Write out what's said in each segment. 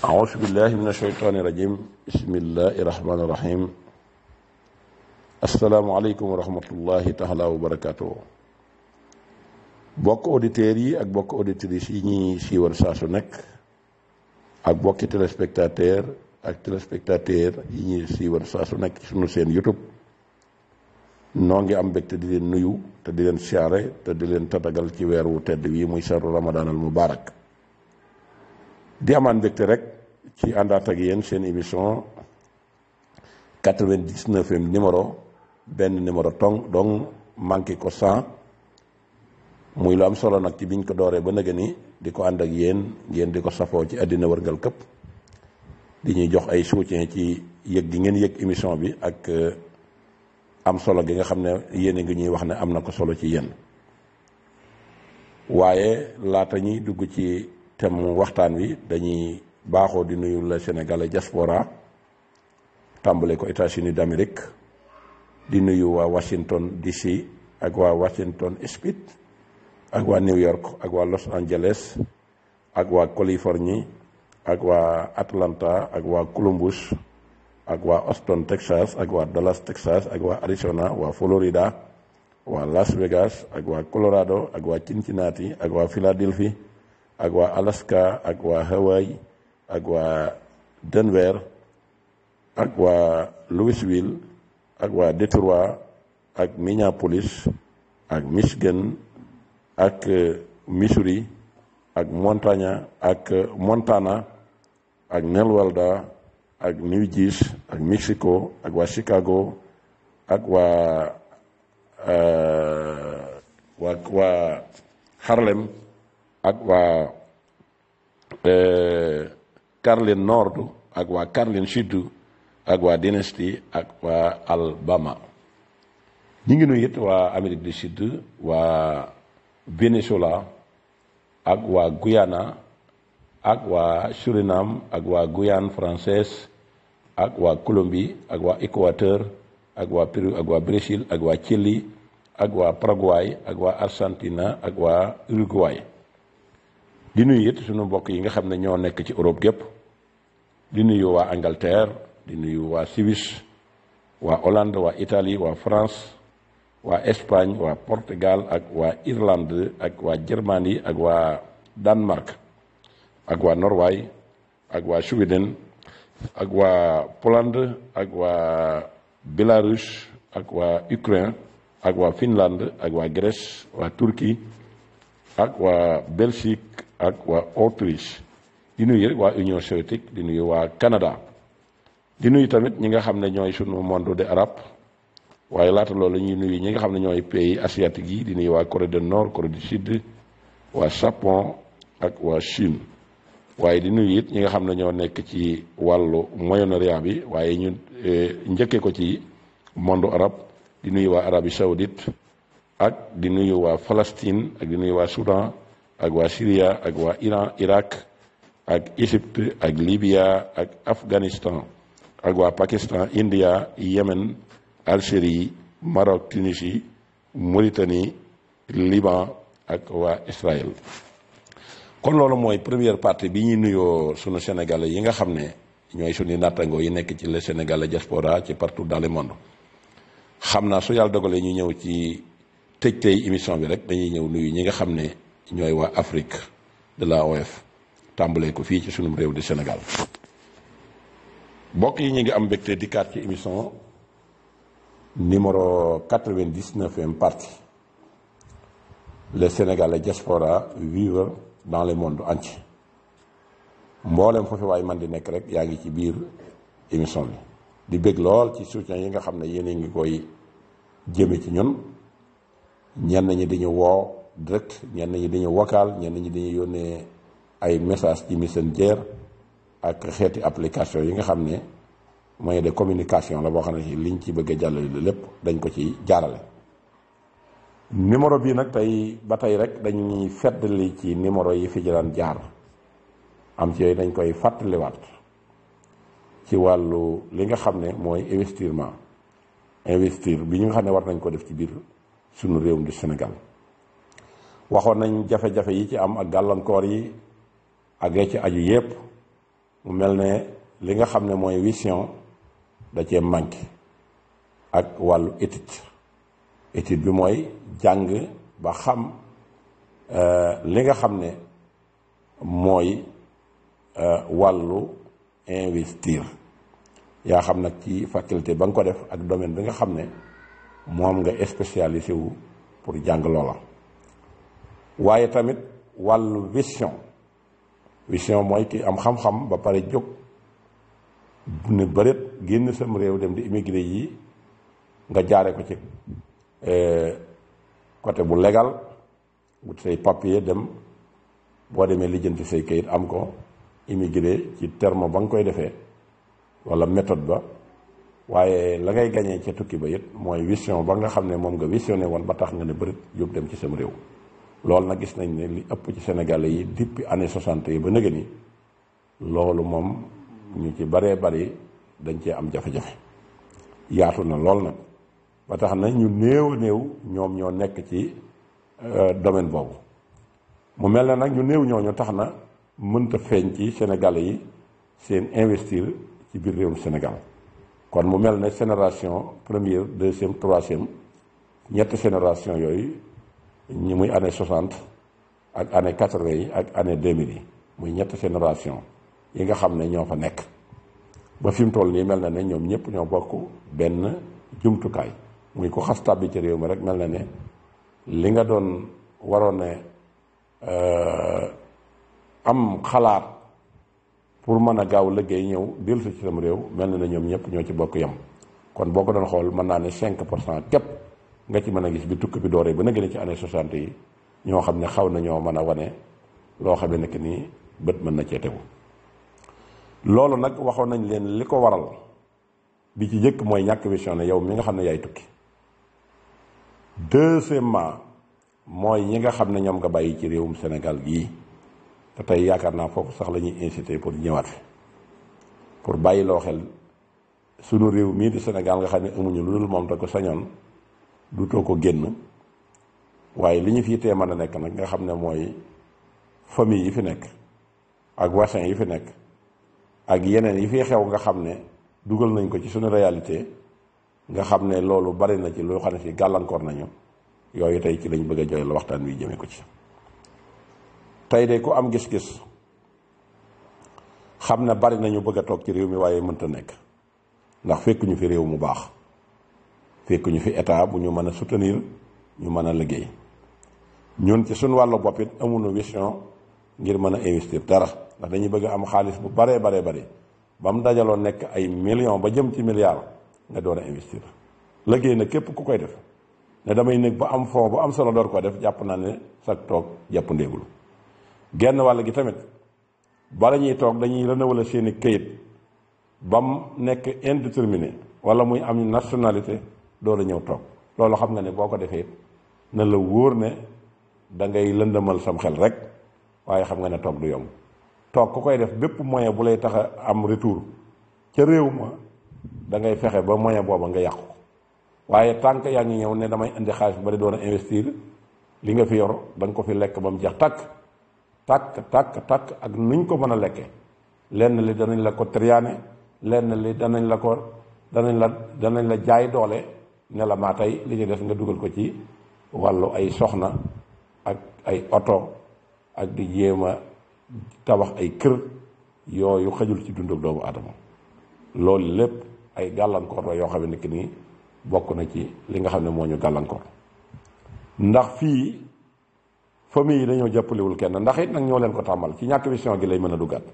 أعوذ بالله من الشيطان الرجيم بسم الله الرحمن الرحيم wa rahmatullahi taala wa barakaatu bokk auditeurs yi ak bokk auditrices yi ñuy siiwal saa su nekk ak bokk téléspectateur ak téléspectateur yi ñuy siiwal saa su nekk seen YouTube noo ngi am mbégte di leen nuyu te di leen siyaare te di leen tatagal ci weer wu tedd wi muy saru ramadan al mubarak di amaan mbégte rek ci àndaat ak yéen seen émission quatre-vingt-dix-neuvième numéro benn numéro tong dong manqué ko cent muy lu am solo nag ci biñ ko dooree ba nëgë ni di ko ànd ak yéen ngeen di ko safoo ci àddina wërngal këpp di ñuy jox ay soutien ci yëg gi ngeen yëg émission bi ak euh, am solo gi nga xam ne yéen a ngi ñuy wax ne am na ko solo ci yéen waaye laata ñuy dugg ci thème mu waxtaan wi dañuy baaxoo di nuyu la Sénégalais diaspora tàmbale ko États-Unis d'Amérique di nuyu waa Washington DC ak waa Washington Speed ak waa New York ak wa Los Angeles ak waa Californie ak waa Atlanta ak wa Columbus ak waa Austin Texas ak waa Dallas Texas ak waa Arizona waa Florida waa Las Vegas ak waa Colorado ak waa Cincinnati ak waa Philadelphie ak waa Alaska ak waa Hawaii ak waa Denver ak waa Louisville ak waa Detroit ak Minneapolis ak Michigan ak euh, Missouri ak Montana ak euh, Montana ak Nelwalda ak New Jersey ak Mexico ak waa Chicago ak waa euh, Harlem ak waa Caroline Nord ak waa Caroline Sud ak waa Dynasty ak waa Alabama ñu ngi nuyu it waa Amérique du Sud waa Venezuela ak waa Guyana ak waa Suriname ak waa Guyane française ak waa Colombie ak waa Équateur ak waa Pérou ak waa Brésil ak waa Chili ak waa Paraguay ak waa Argentina ak waa Uruguay di nuyu it suñu mbokk yi nga xam ne ñoo nekk ci Europe gépp di nuyu waa Angleterre di nuyu waa Suisse waa Hollande waa Italie waa France waa Espagne waa Portugal ak waa Irlande ak waa Germanie ak waa Danemark ak waa Norvège ak waa Sweden ak waa Pologne ak waa Belarus ak waa Ukraine ak waa Finlande ak waa Grèce waa Turquie ak waa Belgique ak waa Autriche di nuy waa Union soviétique di nuyu waa Canada di nuyu tamit ñi nga xam ne ñooy sunu monde de arabe waaye laata loolu ñuy nuyu ñi nga xam ne ñooy pays asiatique yi di nuy waa Corée du Nord Corée du Sud waa Japon ak waa Chine waaye di nuyu it ñi nga xam ne ñoo nekk ci wàllu Moyen-Orient bi waaye ñu eh, njëkkee ko ci monde arabe di nuyu waa Arabie Saoudite ak di nuyu waa Palestine ak di nuyu waa Soudan. ak waa Syria ak waa Iran Irak ak Égypte ak Libya ak Afghanistan ak waa Pakistan India Yémen Algérie Maroc Tunisie Mauritanie Liban ak waa Israël kon loolu mooy première partie bi ñuy nuyoo sunu sénégalais yi nga xam ne ñooy sunu nattangoo yi nekk ci le sénégalais diaspora ci partout dans le monde xam naa su yàlla dogalee ñu ñëw ci tëj tey émission bi rek dañuy ñëw nuyu ñi nga xam ne ñooy waa Afrique de l'AOF tàmbalee ko fii ci sunum réew di Sénégal mbokk yi ñu ngi am mbégte dikkaat ci émission numéro 99e partie les Sénégalais diaspora vivre dans le monde entier mboolem foofu waaye man di nekk rek yaa ngi ci biir émission bi di bég lool ci soutien yi nga xam ne yéen a ngi koy jëme ci ñun ñenn ñi di ñu woo. direct ñenn ñi dañu vocal ñenn ñi dañu yónnee ay message seen messenger ak xeeti application yi nga xam ne mooy de communication la boo xam ne ci liñ ci bëgg a jàllale lépp dañ ko ci jaarale. numéro bii nag tey ba tey rek dañuy li ci numéro yi fi ci jaar am ci dañ koy fàttaliwaat ci wàllu li nga xam ne mooy investissement investir bi ñu nga xam ne war nañ ko def ci biir sunu réewum du Sénégal. waxoon nañ jafe-jafe yi ci am ak gàllankoor yi ak ya ci aju yépp mu mel ne li nga xam ne mooy vision da cee manqué ak wàllu étude étude bi mooy jàng ba xam euh, li nga xam ne mooy euh, wàllu investir yaa xam nag ci faculté ba nga ko def ak domaine bi nga xam ne moom nga spécialisé wu pour jàng loola waaye tamit wàllu vision vision mooy kii am xam-xam ba pare jóg ne bëreet génn sam réew dem di immigré yii nga jaare ko ci eh, côté bu légal wut say papier dem boo demee lijjanti say kayit am ko immigré ci terme ba nga koy defee walla méthode ba waaye la ngay gañee ca tukki ba it mooy vision ba nga xam ne moom nga visionné won ba tax nga ne bërit jóg dem ci sam réew loolu nag gis nañ ne li ëpp ci Sénégalais yi depuis année soixante yi ba nëgë loolu moom ñu ci baree bari dañ cee am jafe-jafe yaatu na lool nag ba tax na ñu néew a néew ñoom ñoo nekk ci euh, domaine boobu mu mel na nag ñu néew ñu tax na mënta feeñ ci Sénégalais yi seen investir ci biir réewum Sénégal kon mu mel ne sénération première deuxième troisième ñett sénération yooyu muy année soixante ak année quatre yi ak année deux mille yi muy ñetti génération yi nga xam ne ñoo fa nekk ba fi mu toll nii mel na ne ñoom ñëpp ñoo bokk benn jumtukaay muy ko xas tàbbi ci réew mi rek mel na ne li nga doon waroon ne euh, am xalaat pour mën a gaaw liggéey ñëw dellu si ci sam réew mel na ne ñoom ñëpp ñoo ci bokk yam kon boo ko doon xool mën naa ne cinq pour cent képp nga ci mën a gis bi tukki bi dooree ba na gën a ci année soixante yi ñoo xam ne xaw nañoo mën a wane loo xam ne nekk nii bët mën na cee tegu loolu nag waxoon nañ leen li ko waral bi ci jëkk mooy ñàkk vision ne yow mi nga xam ne yaay tukki deuxièmement mooy ñi nga xam ne ñoom nga bàyyi ci réewum Sénégal gii te tey yaakaar naa foofu sax la ñuy incité pour ñëwaat fi pour bàyyi loo xel sunu réew mii di Sénégal nga xam ne amuñu lu dul moom te ko sañoon dutoo ko génn waaye li ñu fi tee mën a nekk nag nga xam ne mooy famille yi fi nekk ak voisin yi fi nekk ak yeneen yi fi xew nga xam ne dugal nañ ko ci suñu réalité nga xam ne loolu bari na ci loo xam ne si gàllankoor nañu yooyu tey ci lañ bëgg a joxe la waxtaan wi jëmee ko ci tey de ku am gis-gis xam ne bari nañu bëgg a toog ci réew mi waaye mënta nekk ndax fekk ñu fi réew mu baax fekk ñu fi état bu ñu mën a soutenir ñu mën a liggéey ñun ci suñ wàllu bopp it amuñu vision ngir mën a investir dara ndax dañuy bëgg am xaalis bu baree baree bari ba mu dajaloo nekk ay million ba jëm ci milliards nga door a investir liggéey na képp ku koy def ne damay nekk bu am fond bu am solo door ko def jàpp naa ne sag toog jàpp ndéegul genn wàll gi tamit bala ñuy toog dañuy renouveler seeni këyit ba mu nekk indéterminé wala muy am nationalité door ñëw toog loolu xam nga ne boo ko defee na la wóor ne dangay ngay lëndëmal sam xel rek waaye xam nga ne toog du yomb toog ku koy def bépp moyen bu lay tax a am retour ca réew ma dangay fexe ba moyen booba nga yàqu waaye tànk yaa ngi ñëw ne damay indi xaalis bu bari doon a investir li nga fi yor da ko fi lekk ba mu jeex takk takk takk takk ak nuñ ko mën a lekke lenn li danañ la ko triyaane lenn li danañ la ko danañ la danañ la jaay doole ne maa tey li ñu def nga dugal ko ci wàllu ay soxna ak ay oto ak di jéem tabax ay kër yooyu xajul ci dundug doomu aadama loolu lépp ay gàllankoor la yoo xam ne nii bokk na ci li nga xam ne moo ñu gàllankoor ndax fii famille yi dañoo jàppalewul kenn ndax it nag ñoo leen ko tàmbal ci ñàkk vision lay mën a duggaat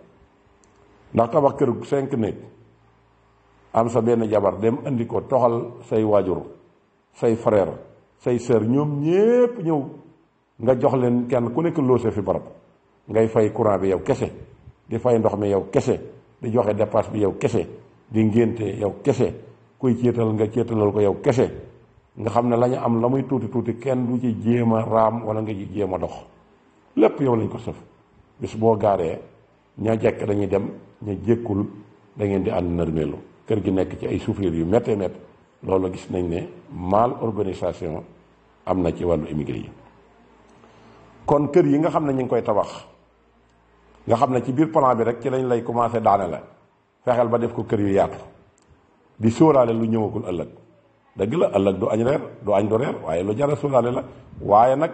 ndax tabax kër cinq néeg am sa benn jabar dem indi ko toxal say waajur say frère say sœur ñoom ñépp ñëw nga jox leen kenn ku nekk loose fi barab ngay fay courant bi yow kese di fay ndox mi yow kese di joxe dépasse bi yow kese di ngénte yow kese kuy céetal nga céetalal ko yow kese nga xam ne la am la muy tuuti tuuti kenn du ci jéem a raam wala nga ci jéem a dox lépp yow lañ ko sëf bis boo gaaree ña jekk dañuy dem ña jékkul da ngeen di ànd nërmeelu kër gi nekk ci ay souffrir yu méttee métt loolu gis nañ ne mal organisation am na ci wàllu immigré yi kon kër yi nga xam ne ñu ngi koy tabax nga xam ne ci biir plan bi rek ci lañ lay commencé daane la fexeel ba def ko kër yu yaatu di sóoraale lu ñëwagul ëllëg dëgg la ëllëg du añ reer du añ du reer waaye lu jara a sóoraale la waaye nag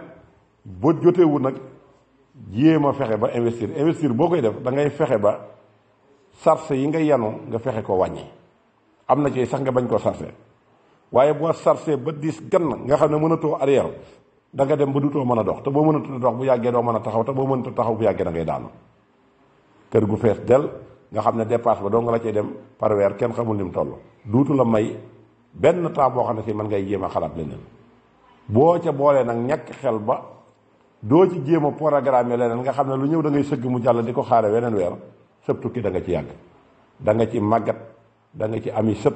boo joteewu nag jéem a fexe ba investir investir boo koy def da ngay fexe ba sarse yi nga yenu nga fexe ko wàññi am na ci sax nga bañ koo sarse waaye boo sarse ba diis gann nga xam ne mënatoo arrière danga dem ba dutoo mën a dox te boo mënatoo dox bu yàggee doo mën a taxaw te boo mënatoo taxaw bu yàggee da ngay daanu kër gu fees del nga xam ne dépasse ba doo nga la cee dem par weer kenn xamul ni mu toll duutu la may benn temps boo xam ne si man ngay jéem a xalaat leneen boo ca boolee nag ñàkk xel ba doo ci jéem a programme leneen nga xam ne lu ñëw da ngay sëgg mu jàll di ko xaare weneen weer sëb tukki da nga ci yàgg da nga ci màggat da nga ci ami sët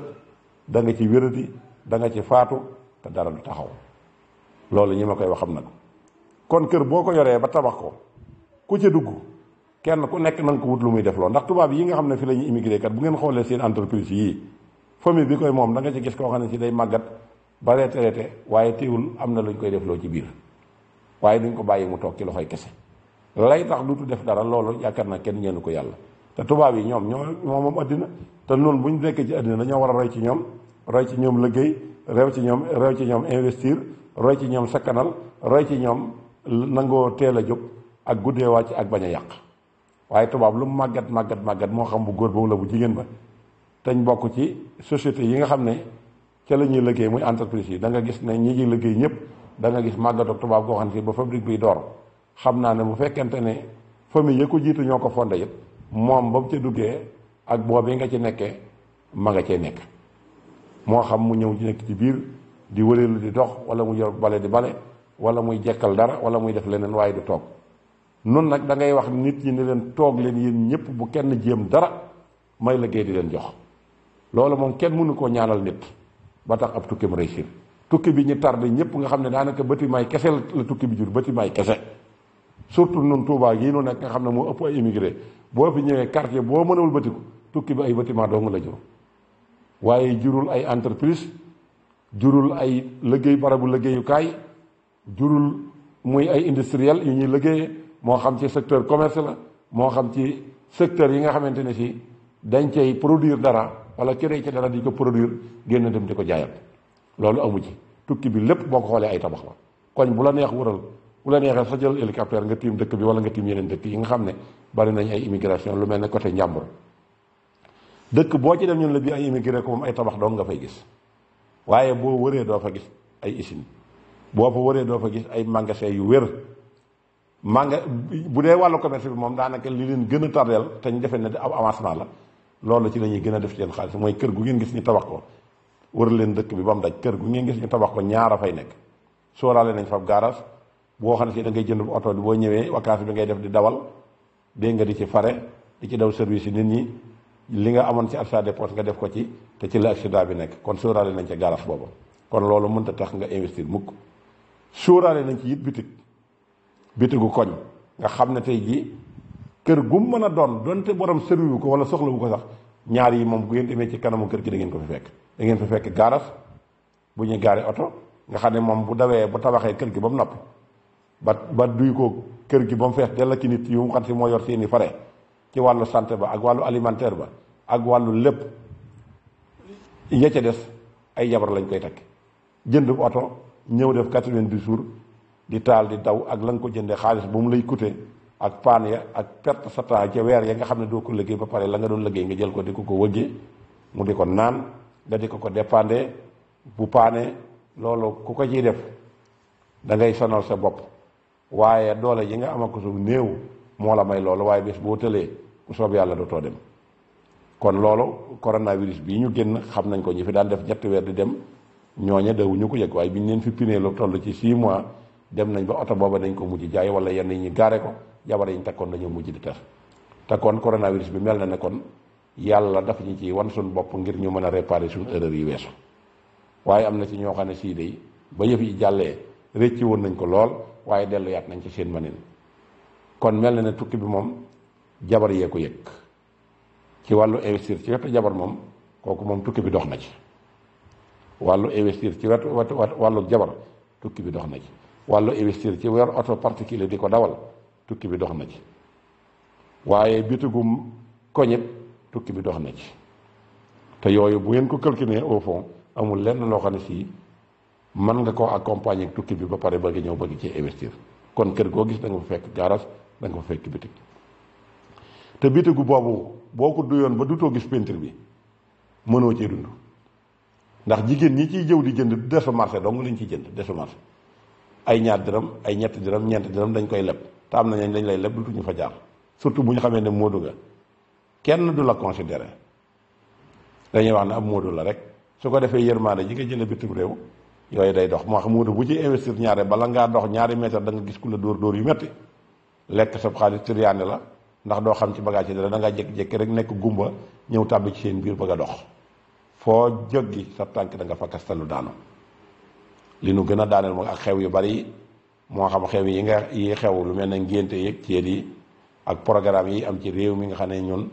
da nga ci wéradi da nga ci faatu te dara du taxaw loolu ñi ma koy wax xam na kon kër boo ko yoree ba tabax ko ku ci dugg kenn ku nekk na nga ko wut lu muy def loo ndax tubaab yi nga xam ne fi lañu ñuy kat bu ngeen xoolee seen entreprise yii famille bi koy moom da nga ci gis koo xam ne si day màggat ba retraité waaye teewul am na luñ koy def loo ci biir waaye duñ ko bàyyi mu toog ci loxoy kese lay tax dutu def dara loolu yaakaar naa kenn ñeenu ko yàlla te tubaab yi ñoom ñoo moom moom àddina te noonu bu ñu nekkee ci àddina dañoo war a roy ci ñoom roy ci ñoom liggéey roy ci ñoom roy ci ñoom investir roy ci ñoom sakkanal roy ci ñoom nangoo teel a jóg ak guddee wàcc ak bañ a yàq waaye tubaab lu mu màggat màggat màggat moo xam bu góor boobu la bu jigéen ba teñ bokk ci société yi nga xam ne ca la ñuy liggéey muy entreprise yi da nga gis ne ñi ngi liggéey ñëpp danga gis màggat tubaab goo xam ne ba fabrique bii door xam naa ne bu fekkente ne famille ya ko jiitu ñoo ko fondé moom ba mu ca duggee ak boobu nga ci nekkee ma nga cee nekk moo xam mu ñëw ci nekk ci biir di wëreelu di dox wala mu yor bale di bale wala muy jekkal dara wala muy def leneen waaye du toog nun nag da ngay wax nit ñi ne leen toog leen yéen ñëpp bu kenn jéem dara may liggéey di leen jox loolu moom kenn mënu koo ñaanal nit ba tax ab tukki mu réussir tukki bi ñu tar tardé ñëpp nga xam ne daanaka bëti may kese la tukki bi jur bëti may kese surtout nun Tuubaa gii nu nekk nga xam ne moo ëpp ay immigré boo fi ñëwee quartier boo mënul bëtiku tukki bi ay bâtiment dong la jur waaye jurul ay entreprise jurul ay liggéey barabu liggéeyukaay jurul muy ay industriel yu ñuy liggéeyee moo xam ci secteur commerce la moo xam ci secteur yi nga xamante ne si dañ cay produire dara wala créer ci dara di ko produire génn dem di ko jaayam loolu amu ci tukki bi lépp boo ko xoolee ay tabax la koñ bu la neex wural bu la neexee nga tiim dëkk bi wala nga tiim yeneen dëkk ne bari nañ ay lu mel ne côté njàmbur dëkk boo ci dem la bii ay immigré ko moom ay tabax dong nga fay gis waaye boo wëree doo fa gis ay usine boo fa wëree doo fa ay magasin yu wér manga bu dee wàllu commerce bi moom daanaka li leen gën a tardeel te ñu defee ne ab avancement la loolu ci la ñuy gën a def ci leen xaalis mooy kër gu ngeen gis ñu tabax ko wër leen dëkk bi ba mu daj kër gu ngeen gis ñu tabax ko a fay nekk sóoraale nañ fa garage boo xam ne si da ngay jënd oto bi boo ñëwee wakaaf bi ngay di dawal dégg nga di ci fare di ci daw service yi nit ñi li nga amoon ci achat de poste nga def ko ci te ci la bi nekk kon nañ ca garas boobu kon loolu mënta tax nga investir mukk sóoraale nañ ci it bitig bitigu koñ nga xam ne tey jii kër gu mën a doon donte borom service bu ko wala soxla bu ko sax ñaar yi moom bu ngeen demee ci kanamu kër gi da ngeen ko fi fekk da ngeen fi fekk garas bu ñuy gaare oto nga xam ne moom bu dawee bu tabaxee kër gi ba mu noppi ba ba duy ko kër gi ba mu fees dell ci nit yu mu xam si moo yor seeni fare ci wàllu santé ba ak wàllu alimentaire ba ak wàllu lépp ya ca des ay jabar lañ koy takk jënd oto ñëw def quatre-vingt-dix jours di taal di daw ak la ko jëndee xaalis ba mu lay coûter ak paan ya ak perte sa temps ca weer ya nga xam ne doo ko liggéey ba pare la nga doon liggéey nga jël ko di ko ko wëggee mu di ko naan nga di ko ko dépendre bu paane loolu ku ko ci def dangay ngay sonal sa bopp waaye doole ñi nga ama ko su néew moo la may loolu waaye bés boo tëlee ku soob yàlla dootoo dem kon loolu coronavirus bii ñu génn xam nañ ko ñi fi daan def ñetti weer di dem ñooña dawuñu ko yëg waaye bi ñu leen fi pinee lu tollu ci 6 mois dem nañ ba oto booba dañ ko mujj jaay wala yenn yi ñu gaare ko jabar yi ñu takkoon dañoo mujj di tas te kon coronavirus bi mel na ne kon yàlla dafa ñu ci wan suñu bopp ngir ñu mën a réparer suñ erreur yi weesu waaye am na ci ñoo xam ne sii day ba yëf yi jàllee rëcci woon nañ ko lool waaye delluyaat nañ ci seen manin kon mel na ne tukki bi moom jabar yee ko yëg ci wàllu investir ci wetu jabar moom kooku moom tukki bi dox na ci wàllu investir ci wetu wetu wàllu jabar tukki bi dox na ci wàllu investir ci weer oto particulier di ko dawal tukki bi dox na ci waaye bitugum koñit tukki bi dox na ci te yooyu bu ngeen ko calculer au fond amul lenn loo xam ne sii mën nga koo accompagner tukki bi ba pare bëgg ñëw bëgg ci investir kon kër koo gis da nga fa fekk garage da fa fekk bitig te bitigu boobu boo ko duyoon ba du dutoo gis peinture bi mënoo ci dund ndax jigéen ñi ciy jëw di jënd du desu marché dong lañ ciy jënd desu marché ay ñaar dërëm ay ñett dërëm ñeent dërëm dañ koy leb te am na nañ dañ lay leb dutuñu fa jaar surtout bu ñu xamee ne moodu nga kenn du la considéré dañuy wax ne am moodu la rek su ko defee yërmaande ji nga jëlee bitim réew yooyu day dox moo xam moo tax bu ci investir ñaare bala ngaa dox ñaari mètre danga gis ku la dóor dóor yu metti lekk sa xaalis turiyaane la ndax doo xam ci bagage yi dara da ngaa jékki rek nekk gumba ñëw tàbbi ci seen biir bëgg a dox foo gi sa tànk danga nga fa kastalu daanu li nu gën a daaneel moom xew yu bari moo xam xew yi nga yi xew lu mel ne ngénte yeeg ceet yi ak programme yi am ci réew mi nga xam ne ñun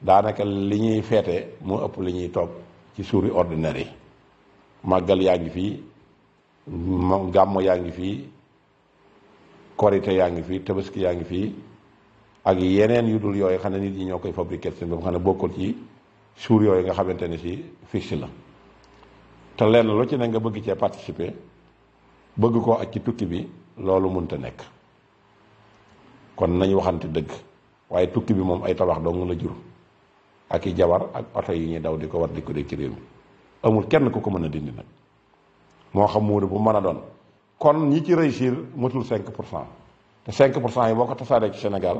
daanaka li ñuy feete moo ëpp li ñuy toog ci suuri ordinaire yi màggal yaa fii moom gàmmo yaa ngi fii korite yaa ngi fii tabaski yaa ngi fii ak yeneen yu dul yooyu xam ne nit ñi ñoo koy fabriqué seen bopp xam ne bokkul ci suur yooyu nga xamante ne si fixe la te leen lu ci ne nga bëgg cee participer bëgg ko ak ci tukki bi loolu mënta nekk kon nañ waxante dëgg waaye tukki bi moom ay tabax dong la jur ak i jabar ak oto yi ñuy daw di ko war di ko dégg ci réew mi amul kenn ku ko mën a dindi nag moo xam muudu bu mën a doon kon ñi ci réussir matul cinq pour cent te 5 pour cent yi boo ko tasaaree ci Sénégal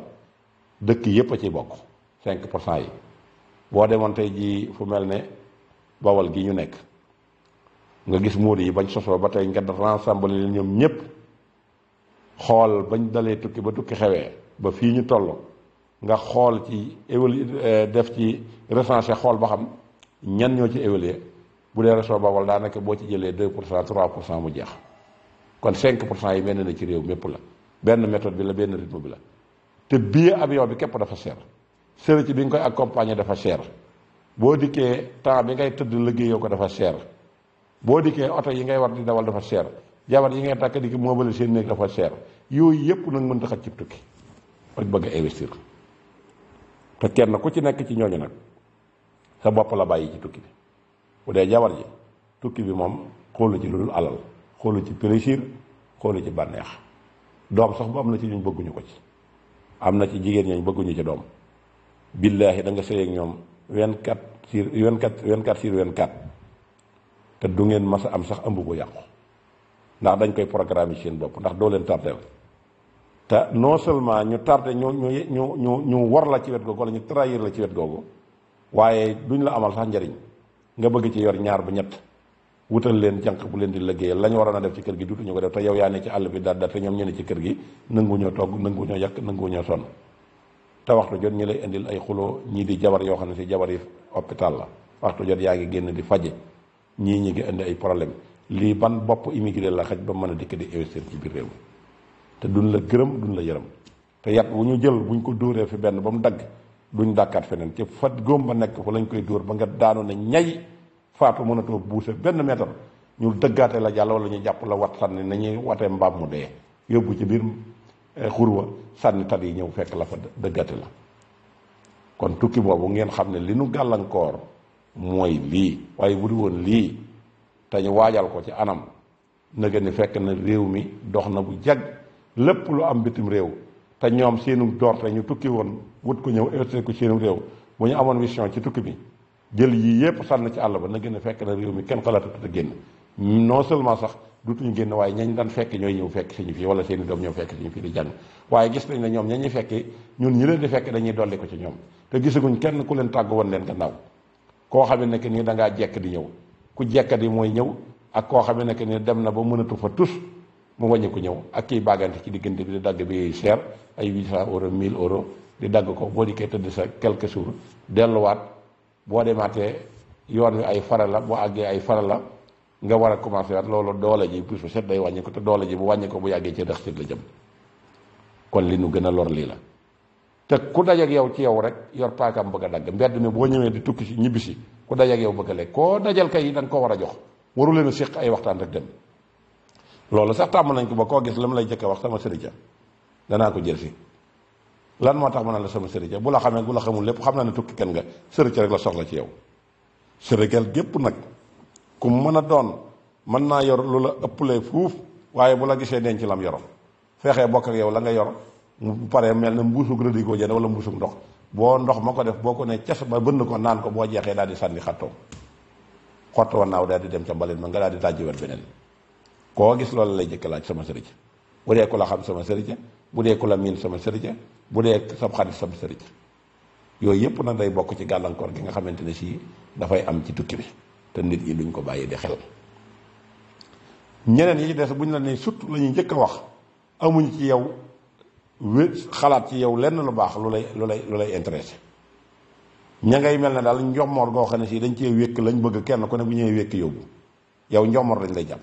dëkk yépp a ciy bokk 5 pour cent yi boo demoon tey jii fu mel ne bawal gi ñu nekk nga gis muudu yi bañ sosoo ba tey nga rassemble leen ñoom ñépp xool bañ dalee tukki ba tukki xewee ba fii ñu toll nga xool ci évaluer def ci recenser xool ba xam ñenn ñoo ci évaluer bu dee région Bawol daanaka boo ci jëlee 2 pour cent 3 pour cent mu jeex kon 5 pour cent yi mel na ci réew mépp la benn méthode bi la benn rythme bi la te billet avion bi képp dafa cher service bi nga koy accompagner dafa cher boo dikkee temps bi ngay tëdd liggéeyoo ko dafa cher boo dikkee oto yi ngay war di dawal dafa cher jabar yi ngay takk di moobale seen néeg dafa cher yooyu yëpp nag mën taxat ci tukki ak bëgg a investir te kenn ku ci nekk ci ñooñu nag sa bopp la bàyyi ci tukki bi bu dee jabar ji tukki bi moom xoolu ci lu dul alal xoolu ci plaisir xoolu ci bànneex doom sax bu am na ci ñuñ bëgguñu ko ci am na ci jigéen ñooñ bëgguñu ci doom billaahi da nga sëy ak ñoom 24 sur 24 24 sur 24 te du ngeen mas a am sax ëmb bu yàqu ndax dañ koy programme seen bopp ndax leen tardeel te non seulement ñu tardé ñu ñu ñu ñu war la ci wet googu wala ñu trahir la ci wet googu waaye duñ la amal sax njariñ nga bëgg ci yor ñaar bu ñett wutal leen janq bu leen di liggéeyal lañ waroon a def ci kër gi duutuñu ko def te yow yaa ne ci àll bi daal daal te ñoom ñu ne ci kër gi nanguñoo togg nanguñoo yàq nanguñoo sonn te waxtu jot ñi lay indil ay xuloo ñii di jabar yoo xam ne si jabar yi hôpital la waxtu jot yaa ngi génn di faje ñii ñi ngi indi ay problème lii ban bopp immigré la xaj ba mën a dikk di investir ci biir réew te duñ la gërëm duñ la yërëm te yat wu ñu jël buñ ko dóoree fi benn ba mu dagg duñ dàkkaat feneen ca fat góom ba nekk fa lañ koy dóor ba nga daanu ne ñay faatu mënatoo buuse benn meetar ñu dëggaate la jàll wala ñu jàpp la wat sànni nañuy watee mbaam mu dee yóbbu ci biir eh, xurwa sànni tat yi ñëw fekk la fa dëggaate la kon tukki boobu ngeen xam ne li nu gàllankoor mooy lii waaye bu di woon lii te ñu waajal ko ci anam nëgë ni fekk na réew mi dox na bu jag lépp lu am bitim réew te ñoom seenu doorte ñu tukki woon wut ko ñëw heurté ko seenu réew bu ñu amoon vision ci tukki bi jël yii yépp sànn ci àll ba na gën a fekk na réew mi kenn xalaatatu a génn non seulement sax dutuñu génn waaye ñañ daan fekk ñooy ñëw fekk suñu fii wala seeni doom ñëw fekk suñu fii di jàng waaye gis nañ ne ñoom ñañuy fekki ñun ñi leen di fekk dañuy dolli ko ci ñoom te gisaguñ kenn ku leen tàgg woon leen gannaaw koo xam ne que ni da ngaa jekk di ñëw ku jekk di mooy ñëw ak koo xam ne que ni dem na ba mënatu fa tus mu wàññi ko ñëw ak kiy baagante ci diggante bi di dagg bi cher ay huit cent euro mille euro di dagg ko boo dikkee tëdd sa quelques jours delluwaat boo demaatee yoon wi ay faral la boo àggee ay faral la nga war a commencé waat loolu doole ji puisque set day wàññi ko te doole ji bu wàññi ko bu yàggee ci dex sit la jëm kon li nu gën a lor lii la te ku dajeek yow ci yow rek yor paakaam bëgg a dagg mbedd mi boo ñëwee di tukki si ñibbisi ku dajeek yow bëgg a lekk koo dajal kay da nga ko war a jox waru leen a ay waxtaan rek dem loolu sax tàmm nañ ko ba koo gis lam lay jëkk wax sama sëriñ danaa ko jël si lan moo tax ma ne la sama sëriñ bu la xamee bu la xamul lépp xam na ne tukki kenn nga sëriñ rek la soxla ci yow Sénégal gépp nag ku mu mën a doon mën naa yor lu la ëpp ëppalee fuuf waaye bu la gisee denc lam yoroon fexee bokk ak yow la nga yor mu paree mel ne mbuusug rëdikoo jënd wala mbuusug ndox boo ndox ma ko def boo ko ne cas ba bënn ko naan ko boo jeexee daal di sànni xattoom xott wa naaw daal di dem ca mbalit ma nga daal di dajjiwet beneen koo gis loolu lay jëkk laaj sama sëriñ bu dee ku la xam sama sëriñ bu dee ku la miin sama sëriñ bu dee sab xarit sama sëriñ yooyu yëpp nag day bokk ci gàllankoor gi nga xamante ne sii dafay am ci tukki bi te nit yi duñ ko bàyyi di xel ñeneen yi ci des buñ la ne surtout la ñuy njëkk a wax amuñ ci yow wé xalaat ci yow lenn lu baax lu lay lu lay lu lay intéressé ña ngay mel ne daal njommoor goo xam ne si dañ cee wékk lañ bëgg kenn ku ne bu ñëwee wékk yóbbu yow njommoor lañ lay jàpp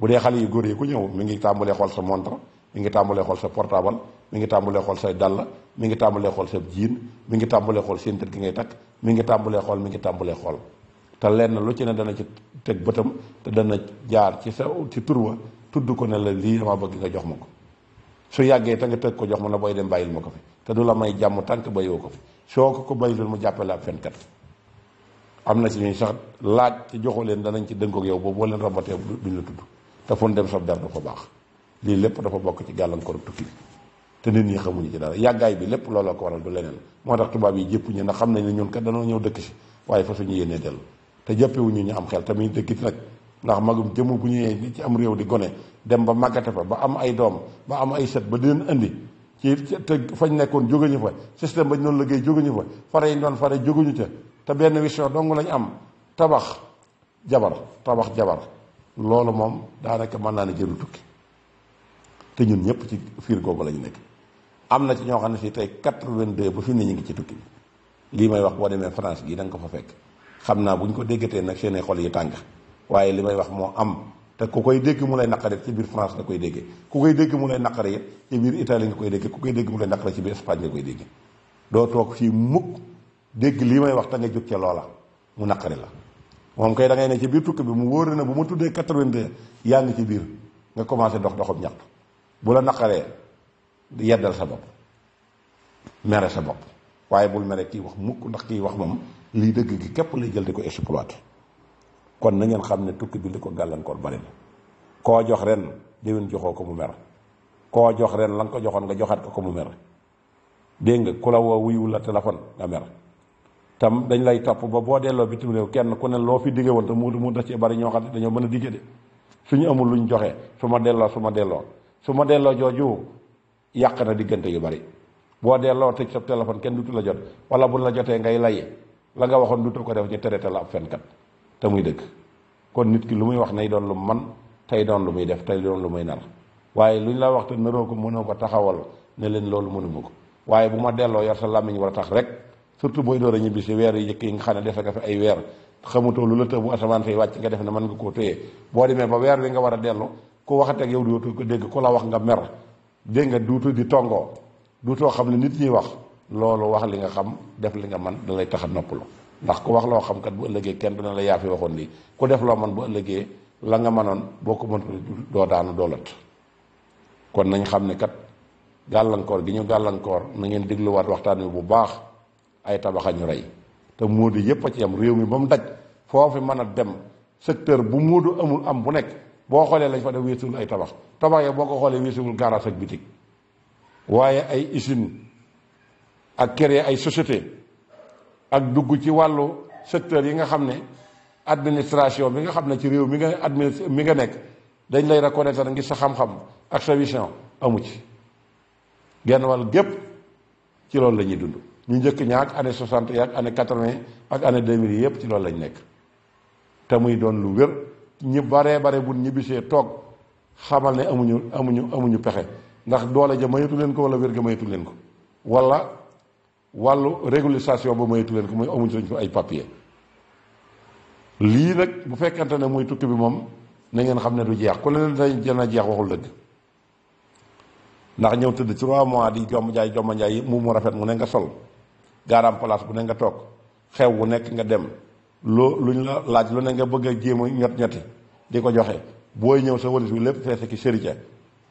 bu dee xale yu góor yi ku ñëw mi ngi tàmbalee xool sa montre mi ngi tàmbalee xool sa portable mi ngi tàmbalee xool say dàll mi ngi tàmbalee xool sa jiin mi ngi tàmbalee xool seen tët gi ngay takk mi ngi tàmbalee xool mi ngi tàmbalee xool te lenn lu ci ne dana ci teg bëtam te dana jaar ci sa ci turwa tudd ko ne la lii dama bëgg nga jox ma ko su yàggee te nga teg ko jox ma ne booy dem bàyyil ma ko fi te du la may jàmm tànk bayoo ko fi soo ko ko bàyyilul mu jàppale ab fenkat am na ci ñuy sax laaj ci joxoo leen danañ ci dënkook yow boobu boo leen rombatee duñ la tudd te dem sob der du baax lii lépp dafa bokk ci gàllankoor tukki te nit ñi xamuñu ci dara yàggaay bi lépp looloo ko waral du leneen moo tax tubaab yi jëpp ñu na am nañ ne ñun kat danoo ñëw dëkk si waaye fa suñu te jàppewuñu ñu am xel tamit dëkkit nag ndax magum jëmu bu ñëwee ci am réew di gone dem ba màggate fa ba am ay doom ba am ay set ba di indi ci te fañ nekkoon jógañu fa système bañ doon liggéey jógañu fa fare yi doon fare jógañu ca te benn vision dong lañ am tabax jabar tabax jabar loolu moom daanaka mën naa ne jëru tukki te ñun ñëpp ci fiir googu la ñu nekk am na ci ñoo xam ne si tey quatre-vingt-deux ba fi ne ñu ngi ci tukki bi lii may wax boo demee France gii da ko fa fekk xam naa bu ñu ko déggatee nag seen xol yi tàng waaye li may wax moo am te ku koy dégg mu lay naqare ci biir France nga koy déggee ku koy mu lay naqare it ci biir Italie nga koy déggee ku koy dégg mu lay naqare ci biir Espagne nga koy déggee doo toog fii mukk dégg lii may wax te nga jóg ca loola mu naqari la moom kay da ngay ne ci biir tukki bi mu wóor na bu ma tuddee quatre yaa ngi ci biir nga commencé dox doxum ñaxtu bu la naqaree yeddal sa bopp mere sa bopp waaye bul mere kii wax mukk ndax kii wax moom lii dëgg gi képp lay jël di ko exploité kon na ngeen xam ne tukki bind ko gàllankoor bari na koo jox ren déwén joxoo ko mu mer koo jox ren la nga ko joxoon nga joxaat ko ko mu mer dégg nga ku la woo wuyu la téléphone nga mer tam dañ lay topp ba boo delloo bitim réew kenn ku ne loo fi digge woon te mu mu da ci bari ñoo xam ne dañoo mën a digge de suñu amul luñ joxe su ma delloo su ma delloo su ma delloo jooju yàq na diggante yu bari boo delloo te sa téléphone kenn dutu la jot wala bu la jotee ngay laye la nga waxoon dutu ko def ñu traité la ab fenkat te muy dëkk kon nit ki lu muy wax nay doon lu man tey doon lu muy def tey doon lu muy nar waaye luñ la wax te naroo ko mënoo ko taxawal ne leen loolu mënuma ko waaye bu ma delloo yor sa làmmiñ war a tax rek surtout booy door a ñibbi si weer yi njëkk yi nga xam ne dese nga fi ay weer xamutoo lu la të bu asamaan say wàcc nga def ne mën nga koo téye boo demee ba weer wi nga war a dellu ku waxateeg yow dootu ko dégg ku la wax nga mer dégg nga duutu di tongoo duutoo xam ne nit ñi wax loolu wax li nga xam def li nga man da lay tax a noppalu ndax ku wax loo xam kat bu ëllëgee kenn dana la yaa fi waxoon lii ku def loo man bu ëllëgee la nga mënoon boo ko mënut doo daanu doolat kon nañ xam ne kat gàllankoor gi ñu gàllankoor na ngeen dégluwaat waxtaan wi bu baax ay tabaxa ñu rey te móodu yépp a ci am réew mi ba mu daj foofu mën a dem secteur bu móodu amul am bu nekk boo xoolee lañ fa def weesuwul ay tabax tabax ya boo ko xoolee weesuwul garage ak bitig waaye ay usine ak créer ay société ak dugg ci wàllu secteur yi nga xam ne administration bi nga xam ne ci réew mi nga administre mi nga nekk dañ lay reconnaître ngir sa xam-xam ak sa vision amu ci genn wall gépp ci loolu la ñuy dund ñu njëkk ñaak année soixante yi ak année quatre vingt ak année deux mille yëpp ci lool lañ nekk te muy doon lu wér ñi baree bare bu ñibbisee toog xamal ne amuñu amuñu amuñu pexe ndax doole ja mayatu leen ko wala wér ga mayatu leen ko wala wàllu régularisation ba mayatu leen ko muy amuñu suñ ay papier lii nag bu fekkante ne muy tukki bi moom na ngeen xam ne du jeex ku leen dañ dana jeex waxul dëgg ndax ñëw tëdd trois mois di jomb jaay jomb jaay mu mu rafet mu ne nga sol gaaraam place bu ne nga toog xew bu nekk nga dem loo ñu la laaj lu ne nga bëgg a jéem a ñot ñoti di ko joxe booy ñëw sa walis bi lépp feese ki sëri ca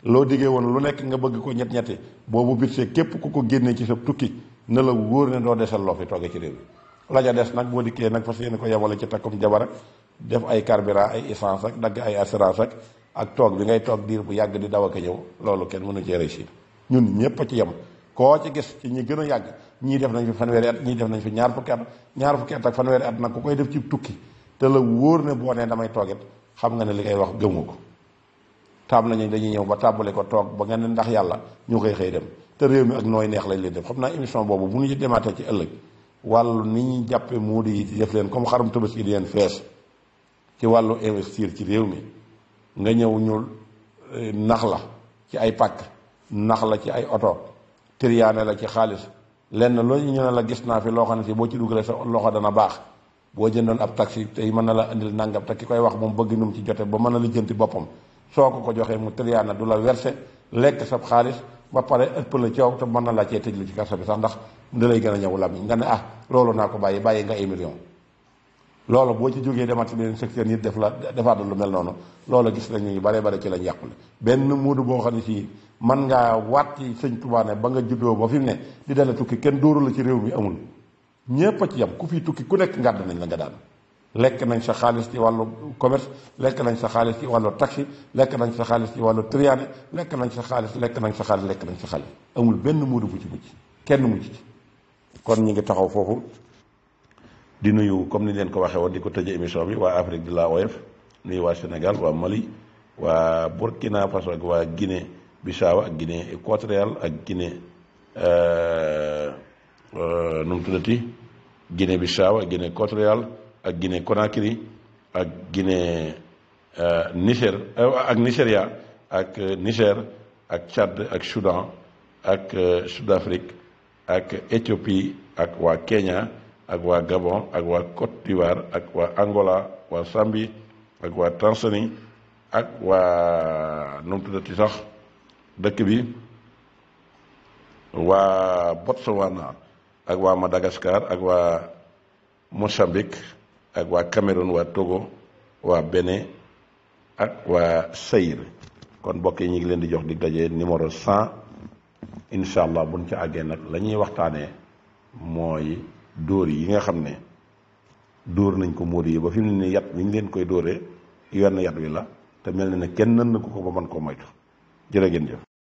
loo diggee woon lu nekk nga bëgg ko ñett ñetti boobu biir see képp ku ko génnee ci sa tukki na la wóor ne doo desal loo fi toogee ci réew mi la ja des nag boo dikkee nag fas yéene ko yemale ci takkum jabar ak def ay carburant ay essence ak dagg ay ak toog bi ngay toog diir bu yàgg di daw ak ñëw loolu kenn mënu cee réussir ñun ñëpp ci yem koo ci gis ci ñi gën a yàgg ñii def nañ fi fanweeri at ñii def nañ fi ñaar fukki at ñaar fukki at ak fanweeri at nag ku koy def ci tukki te la wóor ne boo nee damay toogit xam nga ne li ngay wax gëmu ko taab nañu dañuy ñëw ba tàbbale ko toog ba nga ne ndax yàlla ñu koy xëy dem te réew mi ak nooy neex lañ leen def xam naa émission boobu bu ñu demaatee ci ëllëg wàllu ni ñuy jàppe moo di def leen comme xarum tabaski di leen fees ci wàllu investir ci réew mi nga ñëw ñuul eh, nax la ci ay pakk nax la ci ay oto triyaane la ci xaalis lenn loolu ñu ne la gis naa fi loo xam ne si boo ci dugalee sa loxo dana baax boo jëndoon ab taxi tey mën na la indil nangam te ki koy wax moom bëgg num ci jote ba mën a lijjanti boppam soo ko ko joxee mu triyaane du la verse lekk sab xaalis ba pare ëpp la coow te mën na la cee tëj lu ci kaso bi sax ndax da lay gën a ñëw làmmiñ nga ne ah loolu naa ko bàyyi bàyyi nga ay loolu boo ci jógee demati beneen secteur nit def la defaat lu mel noonu loolu gis nañu ñu bare bare ci lañ yàqule benn muudu boo xam ne sii man ngaa waat ci sëñ Tuubaa ba nga juddoo ba fi mu ne di dala tukki kenn dóoru la ci réew mi amul ñépp a ci yam ku fi tukki ku nekk ngàdd nañ la nga daan lekk nañ sa xaalis ci wàllu commerce lekk nañ sa xaalis ci wàllu taxi lekk nañ sa xaalis ci wàllu triane lekk nañ sa xaalis lekk nañ sa xaalis lekk nañ sa xaalis amul benn muudu bu ci mucc kenn kon ñu ngi taxaw foofu di nuyu comme ni leen ko waxee woon di ko tëjee émission bi waa Afrique de l'AOF nuyu waa Sénégal waa Mali waa Burkina Faso ak waa Guinée Bissau ak Guinée équatoriale ak Guinée euh, euh, nu mu tuddati Guinée Bissau ak Guinée équatoriale ak Guinée Conakry ak Guinée euh, Niger ak Nigeria ak Niger ak Tchad ak Soudan ak Sud Afrique ak Éthiopie ak waa Kenya. ak waa Gabon ak waa Côte d'Ivoire ak waa Angola waa sambi ak waa Tanzanie ak waa nu mu tuddati sax dëkk bi waa Botswana ak waa Madagascar ak waa Mozambique ak waa Cameroun waa Togo waa Benin ak waa Seyir kon mbokk yi ñu ngi leen di jox di daje numéro 100 incha allah buñ ci àggee nag lañuy ñuy waxtaanee mooy. dóor yi nga xam ne dóor nañ ko móodi yi ba fi mu nii yat bi ñu leen koy dóoree yenn yat wi la te mel na ne kenn nan na ko ko ba mën koo moytu jërë ngeen jëf